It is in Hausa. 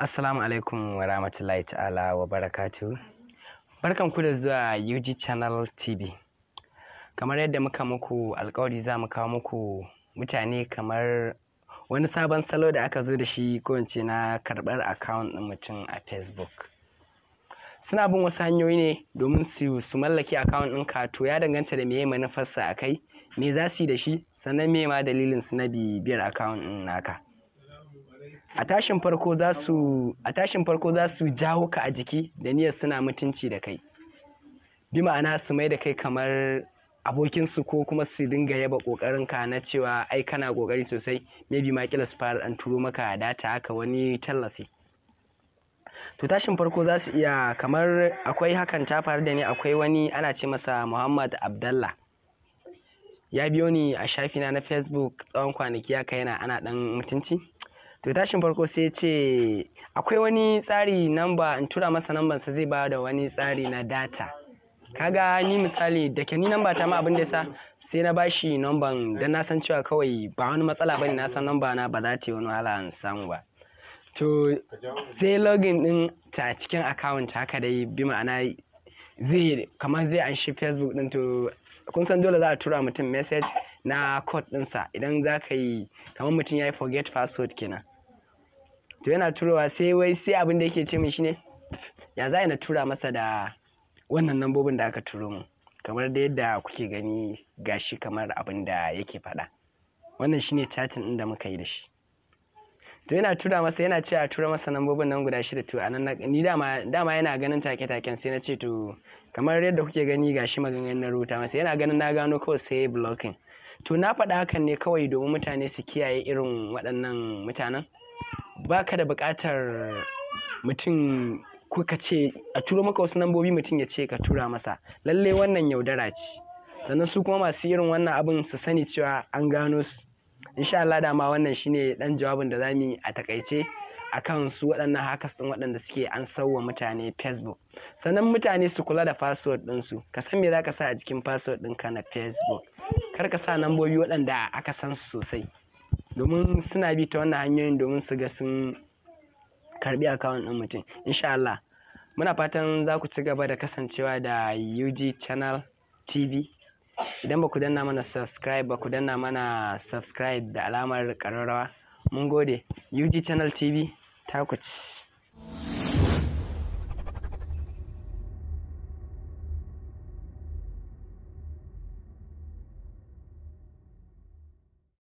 Assalamu alaikum wa rahmatullahi ta'ala wa barakatu. Barkan ku da zuwa UG Channel TV. Kamar yadda muka muku alkawari za mu kawo muku mutane kamar wani sabon salo da aka zo da shi ko na karɓar account ɗin mutum a Facebook. Suna bin wasu hanyoyi ne domin su mallaki account ɗin to ya danganta da meye manufarsa a kai, me za su yi da shi, sannan me ma dalilin su na bibiyar account ɗin naka. a tashin farko za su jawo ka a jiki da niyyar suna mutunci da kai bi ma'ana su mai da kai kamar abokinsu ko kuma su dinga yaba kokarin ka na cewa ai kana kokari sosai maybe ma kila su fara an turo maka data haka wani tallafi to tashin farko za su iya kamar akwai hakan ta faru da ni akwai wani ana ce masa muhammad abdallah ya biyo ni a shafina na facebook tsawon kwanaki haka yana ana dan mutunci to tashin farko sai ya ce akwai wani tsari namba in tura masa sa zai ba da wani tsari na data kaga ni misali da ke ni namba ta ma abin da yasa sai na bashi namban dan na san cewa kawai ba wani matsala bane na san namba na ba za ta yi wani wahala in samu ba to sai login din ta a cikin account haka dai bi ma'ana zai kamar zai anshi facebook din to kun san dole za a tura mutum message na code dinsa idan za ka yi kamar mutum ya yi forget password kenan to yana turowa sai wai sai abin da yake ce min shine ya za na tura masa da wannan nambobin da aka turo mu kamar da yadda kuke gani gashi kamar abin da yake faɗa wannan shine ne tatin da muka yi da shi to yana tura masa yana ce a tura masa lambobin nan guda shida to anan ni dama dama yana ganin take taken sai na ce to kamar yadda kuke gani gashi maganganun na rubuta masa yana ganin na gano kawai sai blocking to na faɗa hakan ne kawai domin mutane su kiyaye irin waɗannan mutanen ba ka da buƙatar mutum kuka ce a turo maka wasu lambobi mutum ya ce ka tura masa lallai wannan yaudara ce sannan su kuma masu irin wannan abin su sani cewa an gano su insha Allah dama wannan shine dan jawabin da zamu yi a takaice akan su waɗannan hackers ɗin waɗanda suke an sauwa mutane facebook sannan mutane su kula da password ɗinsu ka san me za ka sa a jikin password ɗinka na facebook kar ka sa lambobi waɗanda aka san su sosai domin suna bi ta wannan hanyoyin domin su ga sun karbi akawun ɗin mutum insha Allah muna fatan za ku ci gaba da kasancewa da UG channel TV idan ba ku danna mana subscribe ba ku danna mana subscribe da alamar ƙararrawa mun gode UG channel TV ta ku ci